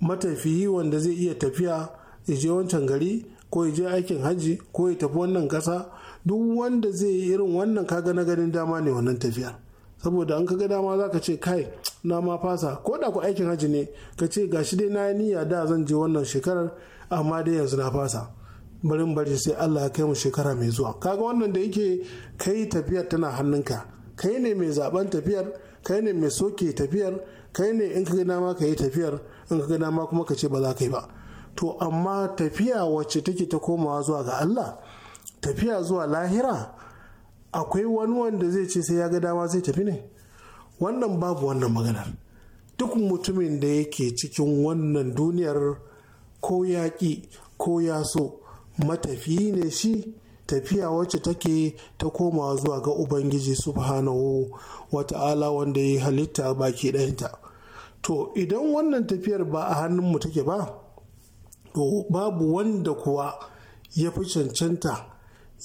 matafiyi wanda zai iya tafiya ya je wancan gari ko ya je aikin hajji ko ya tafi wannan kasa duk wanda zai yi irin wannan kaga na ganin dama ne wannan tafiyar saboda an kaga dama za ka ce kai na ma fasa ko da ku aikin hajji ne ka ce gashi dai na yi niyya da zan je wannan shekarar amma dai yanzu na fasa barin bari sai Allah ya kai mu shekara mai zuwa kaga wannan da yake kai tafiyar tana hannunka kai ne mai zaben tafiyar kai ne mai soke tafiyar kai ne in ka ga dama ka yi tafiyar in ka ga dama kuma ka ce ba za ka yi ba to amma tafiya wacce take ta komawa zuwa ga Allah tafiya zuwa lahira akwai wani wanda zai ce sai ya ga dama zai tafi ne wannan babu wannan maganar duk mutumin da yake cikin wannan duniyar ko yaƙi ko ya so matafi ne shi tafiya wacce take ta komawa zuwa ga ubangiji subhanahu wata'ala wanda ya halitta baki ɗayanta to idan wannan tafiyar ba a hannunmu take ba to babu wanda kuwa ya fi cancanta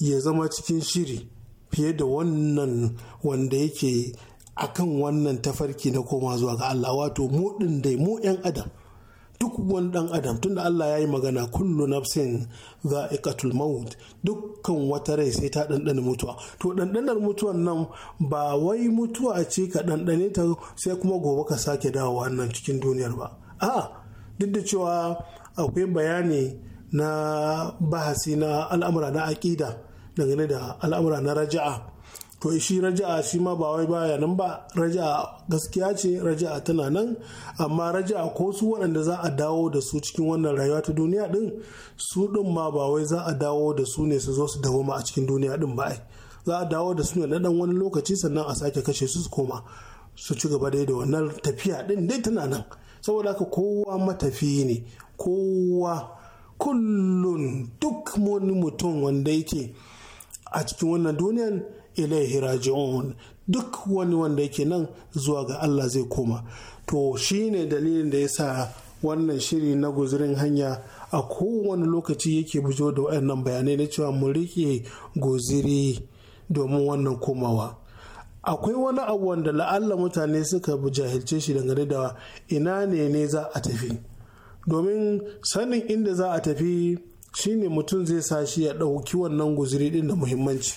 ya zama cikin shiri fiye da wannan wanda yake akan wannan tafarki na koma zuwa ga Allah wato mu ɗin dai mu 'yan adam duk wani ɗan adam tunda Allah ya yi magana kullu nafsin za'iqatul maut dukkan wata rai sai ta ɗanɗana mutuwa to ɗanɗanar mutuwan nan ba wai mutuwa ce ka ɗanɗane ta sai kuma gobe ka sake dawowa nan cikin duniyar ba a'a duk da cewa akwai bayani na bahasi na al'amura na aƙida dangane da al'amura na raja'a to shi raja'a shi ma ba wai baya nan ba raja'a gaskiya ce raja'a tana nan amma raja'a ko su waɗanda za a dawo da su cikin wannan rayuwa ta duniya din su ɗin ma ba wai za a dawo da su ne su zo su dawo ma a cikin duniya din ba za a dawo da su ne na ɗan wani lokaci sannan a sake kashe su su koma su ci gaba dai da wannan tafiya din dai tana nan saboda haka kowa matafiyi ne kowa kullun duk wani mutum wanda yake a cikin wannan duniyan ilaihi raji'un duk wani wanda yake nan zuwa ga Allah zai koma to shine dalilin da yasa wannan shiri na guzurin hanya a kowane lokaci yake bujo da waɗannan bayanai na cewa mu riƙe guziri domin wannan komawa akwai wani abu wanda la'alla mutane suka jahilce shi dangane da ina ne ne za a tafi domin sanin inda za a tafi shine mutum zai sa shi ya ɗauki wannan guziri ɗin da muhimmanci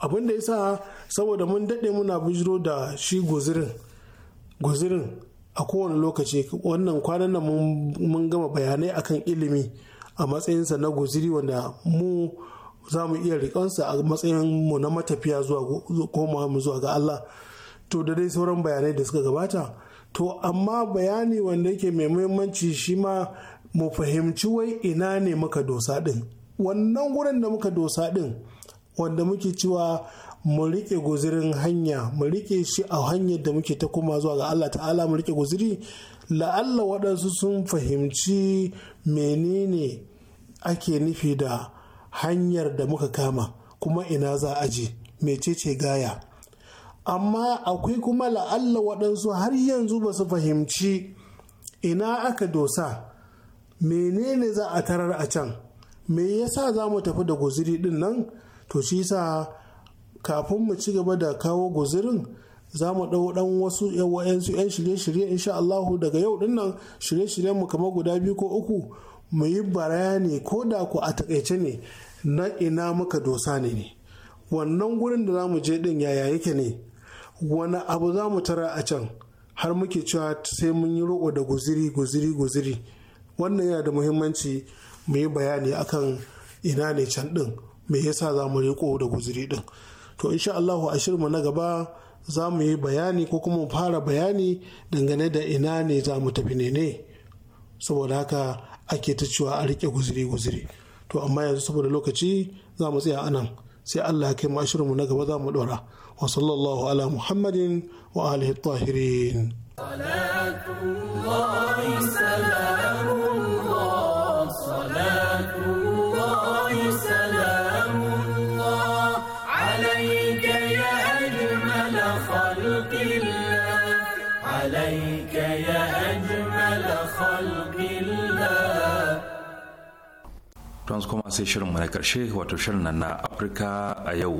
abin da ya sa saboda mun daɗe muna bijiro da shi guzirin guzirin a kowane lokaci wannan kwanan nan mun gama bayanai akan ilimi a matsayinsa na guziri wanda mu za mu iya rikonsa a matsayin mu na matafiya zuwa komawa mu zuwa ga Allah to da dai sauran bayanai da suka gabata to amma bayani wanda yake mai muhimmanci shi ma mu fahimci wai ina ne muka dosa ɗin, wannan gurin da muka dosa ɗin. wanda muke cewa mu riƙe guzirin hanya mu riƙe shi a hanyar da muke ta koma zuwa ga Allah ta'ala mu riƙe guziri la'alla waɗansu sun fahimci menene ake nufi da hanyar da muka kama kuma ina za a je mecece gaya amma akwai kuma la'alla waɗansu har yanzu ba su fahimci ina aka dosa menene za a tarar a can me yasa za mu tafi da guziri ɗin nan to shi sa kafin mu ci gaba da kawo guzirin za mu ɗau ɗan wasu eh, wa'yansu 'yan shirye-shirye insha daga yau ɗin nan shirye-shiryen mu kamar guda biyu ko uku mu yi bayani ko da ku a taƙaice ne na ina muka dosa ne ne wannan gurin da za mu je ɗin yaya yake ne wani abu za mu tara a can har muke cewa sai mun yi roƙo da guziri guziri guziri wannan yana da muhimmanci mu yi bayani akan ina ne can ɗin me yasa za mu riƙo da guziri ɗin to insha Allahu a shirma na gaba za mu yi bayani ko kuma mu fara bayani dangane da ina ne za mu tafi ne ne saboda haka ake ta cewa a riƙe guziri guziri to amma yanzu saboda lokaci za mu tsaya anan sai Allah ya kai mu ashirin mu na gaba za mu dora wa sallallahu ala muhammadin wa alihi tahirin tun kuma sai shirin na karshe wato shirin nan na afirka a yau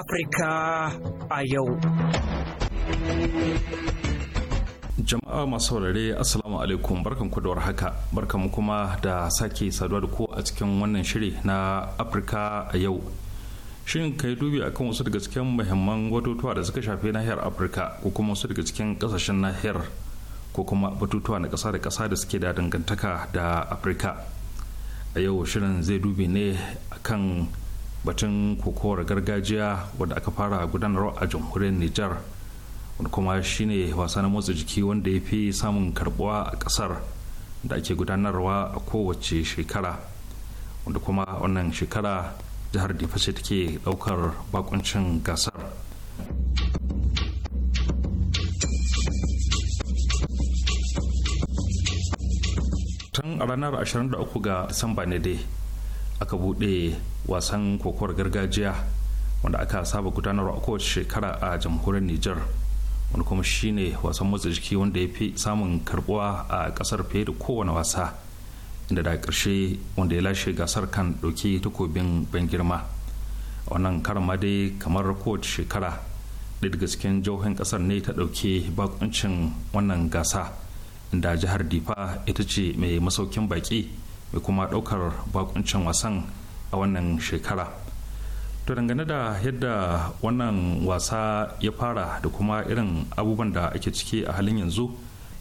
afirka a yau jama'a masu saurare asalamu alaikum barkan ku haka warhaka barkan kuma da sake saduwa da ku a cikin wannan shiri na afirka a yau shin ka yi dubi akan wasu daga cikin muhimman batutuwa da suka shafi nahiyar afirka ko kuma wasu daga cikin kasashen nahiyar ko kuma batutuwa na kasa da kasa da suke da dangantaka da afirka a yau shirin zai dubi ne akan batun kokowar gargajiya wadda aka fara gudanarwa a jamhuriyar nijar wanda kuma shine wasa na motsa jiki wanda ya fi samun karbuwa a kasar da ake gudanarwa a kowace shekara wanda kuma wannan shekara jihar difa ke take daukar bakuncin gasar tun a ranar 23 ga disamba ne dai aka bude wasan kokowar gargajiya wanda aka saba gudanarwa a kowace shekara a jamhuriyar niger wani kuma shine wasan motsa jiki wanda ya fi samun karbuwa a kasar fiye da kowane wasa inda da ƙarshe wanda ya lashe gasar kan ɗauki takobin ban girma wannan karama dai kamar kowace shekara ɗaya daga cikin jihohin ƙasar ne ta ɗauki bakuncin wannan gasa inda jihar difa ita ce mai masaukin baƙi mai kuma ɗaukar bakuncin wasan a wannan shekara to dangane da yadda wannan wasa ya fara da kuma irin abubuwan da ake ciki a halin yanzu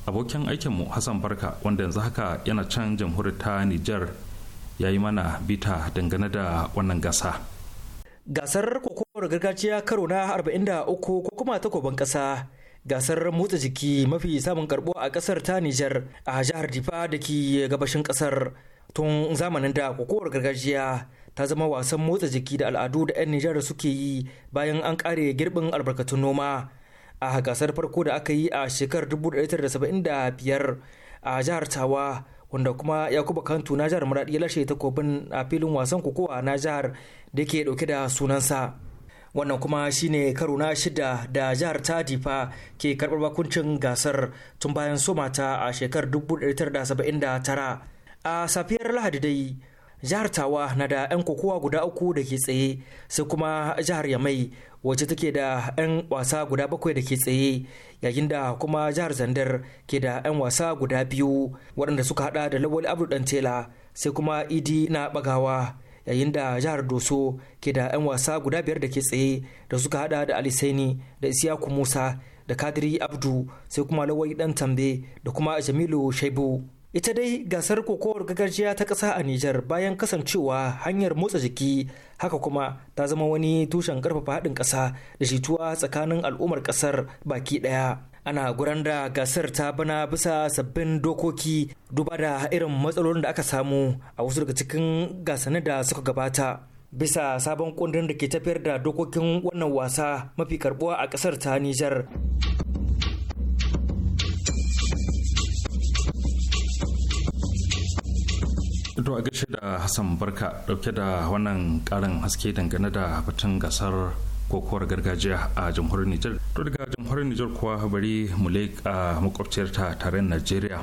abokin aikinmu hassan barka wanda yanzu haka yana can jamhuriyar ta nijar ya yi mana bita dangane da wannan gasa gasar kokowar gargajiya karo na 43 ko kuma takoban kasa gasar motsa jiki mafi samun karbo a ƙasar ta nijar a jihar difa da ke gabashin ƙasar tun zamanin da kokowar gargajiya ta zama wasan motsa jiki da al'adu da 'yan nijar suke yi bayan an kare girbin albarkatun noma a gasar farko da aka yi a shekarar 1975 a jihar tawa wanda kuma yakuba kantu na jihar maradi ya lashe takobin a filin wasan kokowa na jihar da ke dauke da sunansa wannan kuma shine karo na shida da jihar ta difa ke karbar bakuncin gasar tun bayan somata a shekarar 1979 a safiyar lahadi dai jihar tawa na da 'yan kokowa guda uku da ke tsaye sai kuma jihar yamai wacce take da 'yan wasa guda bakwai da ke tsaye yayin da kuma jihar zandar ke da 'yan wasa guda biyu waɗanda suka hada da lawal abdul dantela sai kuma idi na bagawa yayin da jihar doso ke da 'yan wasa guda biyar da ke tsaye da suka hada da alisaini da isiyaku musa da kadiri abdu sai kuma lawal dan tambe da kuma jamilu shaibu ita dai gasar kokowar gargajiya ta ƙasa a Nijar bayan kasancewa hanyar motsa jiki haka kuma ta zama wani tushen ƙarfafa haɗin ƙasa da shituwa tsakanin al'ummar ƙasar baki ɗaya. Ana guran da gasar ta bana bisa sabbin dokoki duba da irin matsalolin da aka samu a wasu daga cikin gasani da suka gabata. Bisa sabon kundin da ke tafiyar da dokokin wannan wasa mafi karbuwa a ƙasar ta Nijar. to a gaishe da hassan barka dauke da wannan karin haske dangane da batun gasar kokowar gargajiya a jamhuriyar nijar to daga jamhuriyar nijar kuwa bari mu leƙa makwabciyar ta tarayyar najeriya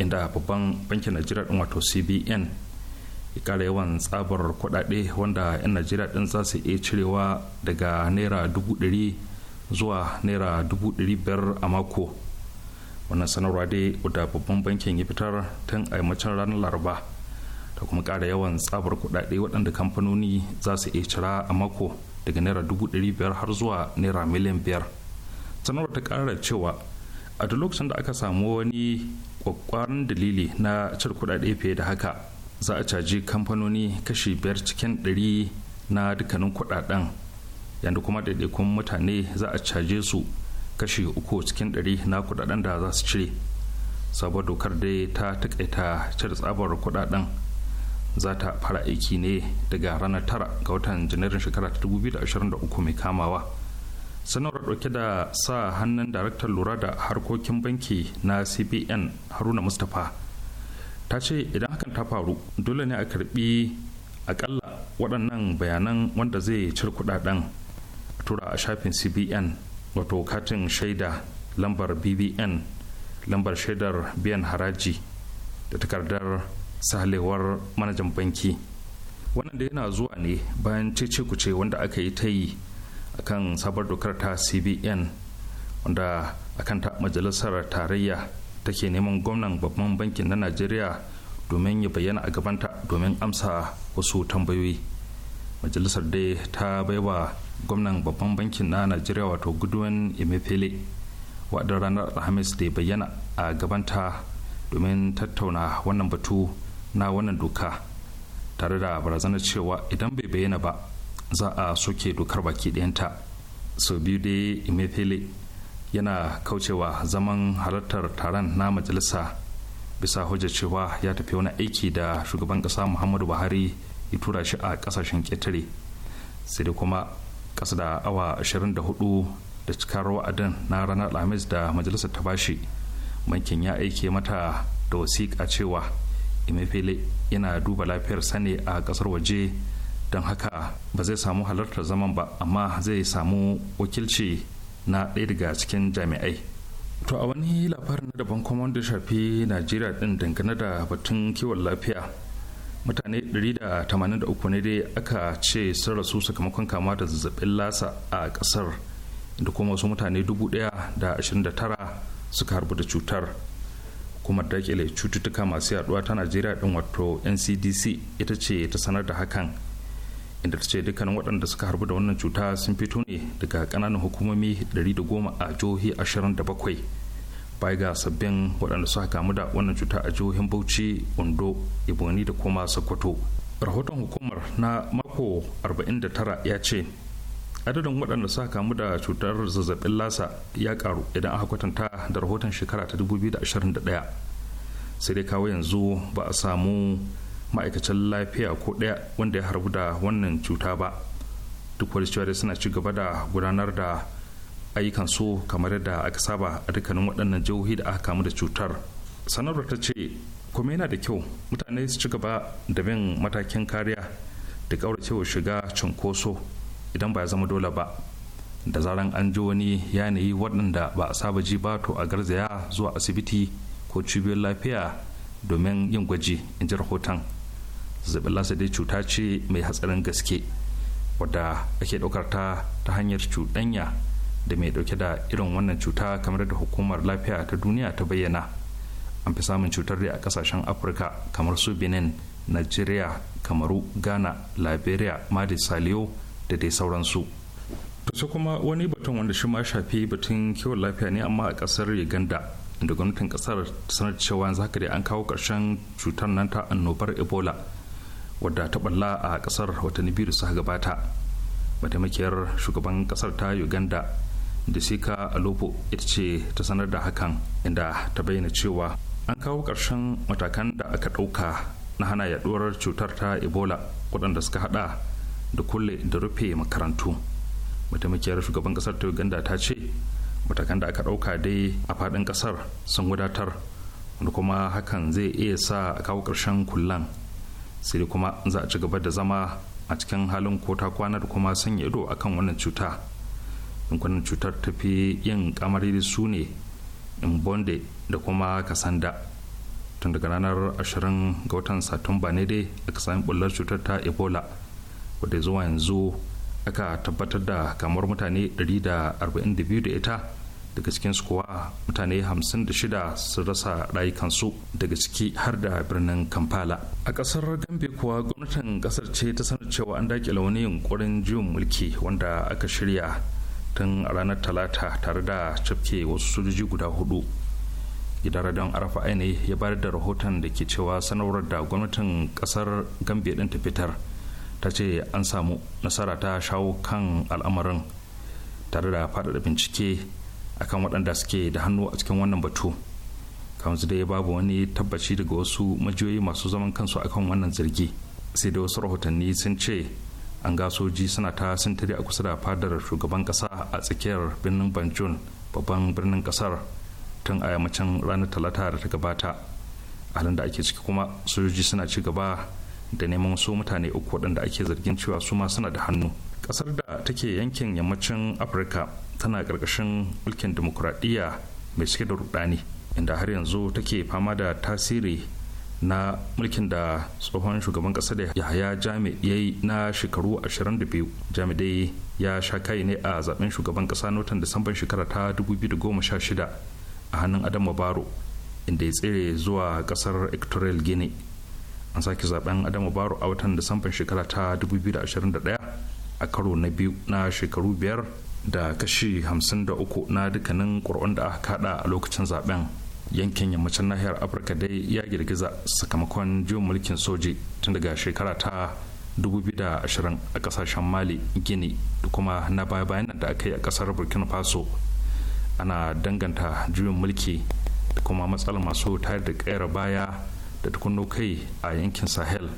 inda babban bankin najeriya din wato cbn ya kara yawan tsabar kuɗaɗe wanda 'yan najeriya din za su iya cirewa daga naira dubu ɗari zuwa naira dubu ɗari biyar a mako wannan sanarwa dai da babban bankin ya fitar tun a yammacin ranar laraba da kuma ƙara yawan tsabar kuɗaɗe waɗanda kamfanoni za su iya cira a mako daga naira dubu ɗari biyar har zuwa naira miliyan biyar sanarwar ta ƙara cewa a duk lokacin da aka samu wani ƙwaƙwaran dalili na cire kuɗaɗe fiye da haka za a caji kamfanoni kashi biyar cikin ɗari na dukkanin kuɗaɗen yadda kuma ɗaiɗaikun mutane za a caje su kashi uku cikin ɗari na kuɗaɗen da za su cire sabuwar dokar dai ta taƙaita cire tsabar kuɗaɗen za ta fara aiki ne daga ranar tara ga watan janairun shekara 2023 mai kamawa sanarwar dauke da sa hannun daraktar lura da harkokin banki na cbn haruna mustapha ta ce idan hakan ta faru dole ne a karbi akalla waɗannan bayanan wanda zai cire kudaden tura a shafin cbn wato katin shaida lambar bbn lambar shaidar biyan haraji da takardar sahalewar manajan banki wannan da yana zuwa ne bayan cece kuce wanda aka yi ta yi a kan sabar dokar ta cbn wanda akan ta majalisar tarayya take neman gwamnan babban bankin na najeriya domin ya bayyana a gabanta domin amsa wasu tambayoyi majalisar dai ta bai wa gwamnan babban bankin na najeriya wato gudun emefele wadda ranar alhamis da bayyana a gabanta domin tattauna wannan batu na wannan doka tare da barazanar cewa idan bai bayyana ba za a soke dokar baki ɗayanta sau biyu dai imefele yana kaucewa zaman halartar taron na majalisa bisa hujjar cewa ya tafi wani aiki da shugaban ƙasa muhammadu buhari ya tura shi a ƙasashen ƙetare sai da kuma ƙasa da awa 24 da cikar wa'adin na ranar alhamis da majalisar ta bashi bankin ya aike mata da wasiƙa cewa emefele yana duba lafiyar sane a kasar waje don haka ba zai samu halartar zaman ba amma zai samu wakilci na ɗaya daga cikin jami'ai to a wani labarin na daban kuma wanda shafi najeriya din dangane da batun kiwon lafiya mutane 183 ne dai aka ce sun rasu sakamakon kama da zazzabin lasa a ƙasar da kuma wasu mutane 1,029 suka harbu da cutar hukumar dakile cututtuka masu yaduwa ta najeriya din wato ncdc ita ce ta sanar da hakan inda ta ce dukkanin waɗanda suka harbu da wannan cuta sun fito ne daga ƙananan hukumomi 110 a jihohi 27 baya ga sabbin waɗanda suka kamu da wannan cuta a jihohin bauchi ondo iboni da kuma sokoto rahoton hukumar na mako 49 ya ce adadin waɗanda suka kamu da cutar zazzabin lasa ya karu idan aka kwatanta da rahoton shekara ta 2021 sai dai kawo yanzu ba a samu ma'aikacin lafiya ko ɗaya wanda ya harbu da wannan cuta ba duk wani cewa suna ci gaba da gudanar da ayyukan su kamar yadda aka saba a dukkanin waɗannan jihohi da aka kamu da cutar sanarwar ta ce kuma yana da kyau mutane su ci gaba da bin matakin kariya da ƙauracewa shiga cunkoso idan ba ya zama dole ba da zaran an ji wani yanayi waɗanda ba a saba ji ba to a garzaya zuwa asibiti ko cibiyar lafiya domin yin gwaji in ji rahoton zazzabin lasa dai cuta ce mai hatsarin gaske wadda ake ɗaukar ta ta hanyar cuɗanya da mai ɗauke da irin wannan cuta kamar da hukumar lafiya ta duniya ta bayyana an fi samun cutar da a ƙasashen afirka kamar su benin nigeria kamaru ghana liberia madi saliyo da dai sauransu sai kuma wani batun wanda shi ma shafi batun kiwon lafiya ne amma a kasar uganda da gwamnatin kasar sanar cewa yanzu haka dai an kawo karshen cutar nan ta annobar ebola wadda ta balla a kasar watanni biyu da suka gabata mataimakiyar shugaban kasar ta uganda da sika alopo ita ce ta sanar da hakan inda ta bayyana cewa an kawo karshen matakan da aka ɗauka na hana yaduwar cutar ta ebola waɗanda suka hada da kulle da rufe makarantu mataimakiyar shugaban kasar ta uganda ta ce matakan da aka ɗauka dai a faɗin ƙasar sun gudatar wanda kuma hakan zai iya sa a kawo ƙarshen kullan sai kuma za a ci gaba da zama a cikin halin ko ta kwana da kuma sanya ido akan wannan cuta yankunan cutar ta fi yin kamari da su ne bonde da kuma kasanda tun daga ranar 20 ga watan satumba ne dai aka sami bullar cutar ta ebola wadda zuwa yanzu aka tabbatar da kamar mutane 142 da ita daga cikinsu kuwa mutane 56 sun rasa rayukansu daga ciki har da birnin kampala a kasar gambe kuwa gwamnatin kasar ce ta sanar cewa an dakile wani yunkurin juyin mulki wanda aka shirya tun ranar talata tare da cafke wasu sojoji guda hudu gidara don arafa ainihi ya bayar da rahoton da ke cewa sanarwar da gwamnatin kasar gambe din ta fitar ta ce an samu nasara ta shawo kan al'amarin tare da faɗaɗa bincike akan waɗanda suke da hannu a cikin wannan batu kamar dai babu wani tabbaci daga wasu majiyoyi masu zaman kansu akan wannan zargi sai da wasu rahotanni sun ce an ga soji suna ta sintiri a kusa da fadar shugaban kasa a tsakiyar birnin banjul babban birnin kasar tun a yammacin ranar talata da ta gabata halin da ake ciki kuma sojoji suna ci gaba da neman wasu mutane uku waɗanda ake zargin cewa su ma suna da hannu ƙasar da take yankin yammacin afirka tana ƙarƙashin mulkin demokuraɗiyya mai cike da rudani inda har yanzu take fama da tasiri na mulkin da tsohon shugaban ƙasa da yahaya jami jami'ai na shekaru 22 jami dai ya sha kai ne a zaben shugaban ƙasa notan disamban shekara ta 2016 a hannun adam baro inda ya tsere zuwa ƙasar equatorial guinea an sake zaben adamu baro a watan disamban shekara ta 2021 a karo na biyu na shekaru biyar da kashi 53 na dukkanin kur'an da aka kada a lokacin zaben yankin yammacin nahiyar afirka dai ya girgiza sakamakon juyin mulkin soji tun daga shekara ta 2020 a kasashen mali gini da kuma na baya bayan da aka yi a kasar burkina faso ana danganta juyin mulki da kuma matsalar masu tayar da kayar baya da tukunno kai a yankin sahel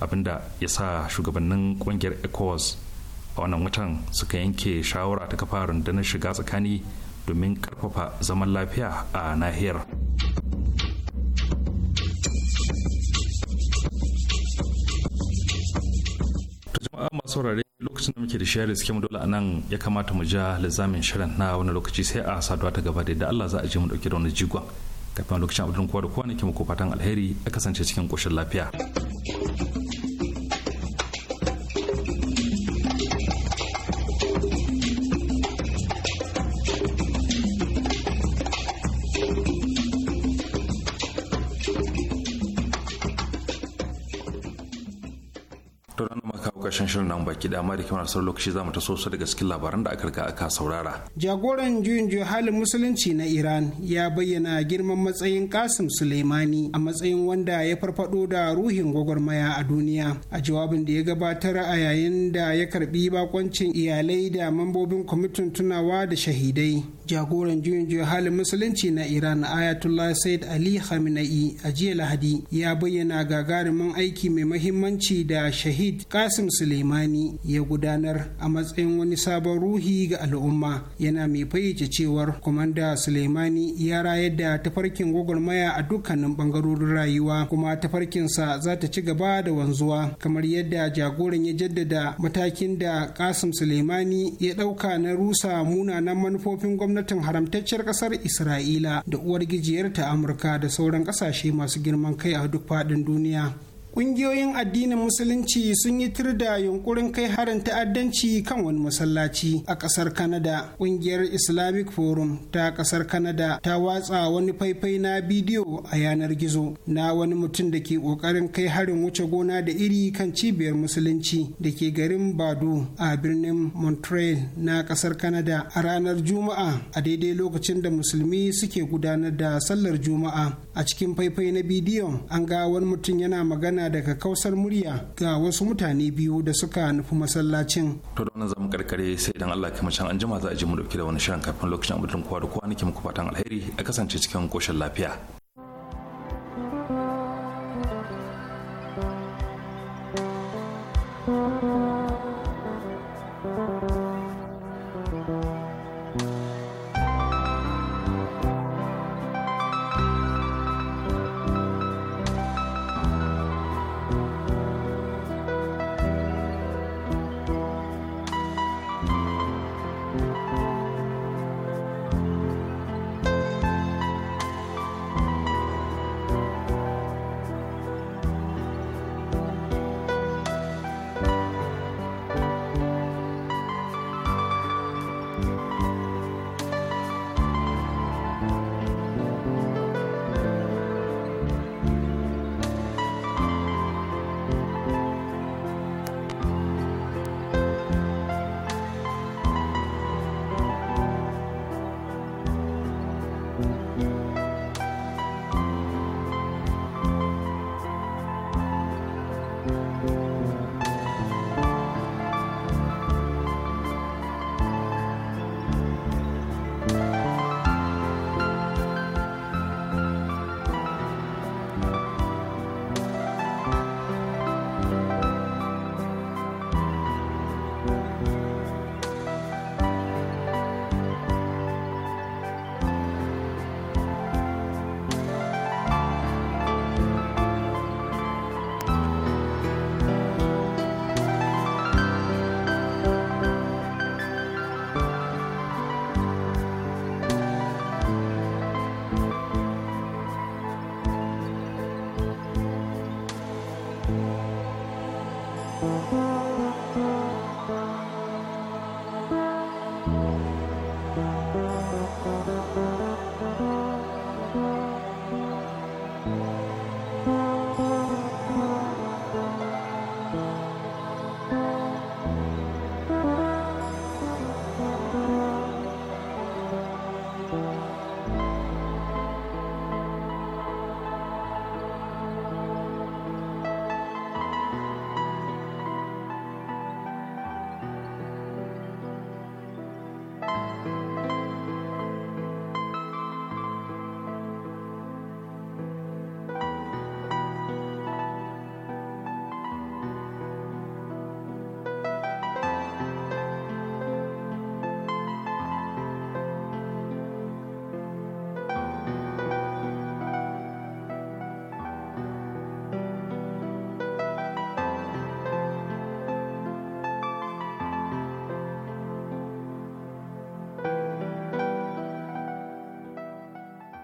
abinda ya sa shugabannin kungiyar ecowas a wannan watan suka yanke shawara ta kafa rundunar shiga tsakani domin karfafa zaman lafiya a nahiyar masu saurare lokacin da muke da shayar da mu dole a nan ya kamata mu ja lizamin shirin na wani lokaci sai a saduwa ta gaba da Allah za a je mu dauke da wani jigon kafin lokacin abudin kowa da kowa ne ke muku fatan alheri a kasance cikin koshin lafiya. shirin nan baki da da kamar sauran lokaci za mu taso su daga cikin labaran da aka riga aka saurara. Jagoran juyin halin musulunci na Iran ya bayyana girman matsayin Kasim Suleimani a matsayin wanda ya farfado da ruhin gwagwarmaya a duniya. A jawabin da ya gabatar a yayin da ya karbi bakoncin iyalai da mambobin kwamitin tunawa da shahidai jagoran juyin juya halin musulunci na iran ayatollah said ali khamenei a jiya lahadi ya bayyana gagarumin aiki mai mahimmanci da shahid kasim suleimani ya gudanar a matsayin wani sabon ruhi ga al'umma yana mai fayyace cewar kwamanda suleimani ya rayar da tafarkin gwagwarmaya a dukkanin bangarorin rayuwa kuma tafarkinsa za ta ci gaba da wanzuwa kamar yadda jagoran ya jaddada matakin da kasim suleimani ya ɗauka na rusa munanan manufofin gwamnati gwamnatin haramtacciyar kasar isra'ila da uwar uwargijiyarta amurka da sauran kasashe masu girman kai a duk faɗin duniya Ƙungiyoyin addinin Musulunci sun yi tir da yunkurin kai harin ta'addanci kan wani masallaci a ƙasar Kanada. Ƙungiyar Islamic Forum ta ƙasar Kanada ta watsa wani faifai na bidiyo a yanar gizo na wani mutum da ke ƙoƙarin kai harin wuce gona da iri kan cibiyar Musulunci da ke garin Bado a birnin Montreal na ƙasar Kanada a ranar Juma'a a daidai lokacin da Musulmi suke gudanar da sallar Juma'a. a cikin faifai na bidiyon an ga wani mutum yana magana daga kausar murya ga wasu mutane biyu da suka nufi masallacin to da wannan zamu karkare sai idan Allah kuma can anjima za a ji mu dauke da wani shirin kafin lokacin abudin kowa da kowa nake muku fatan alheri a kasance cikin koshin lafiya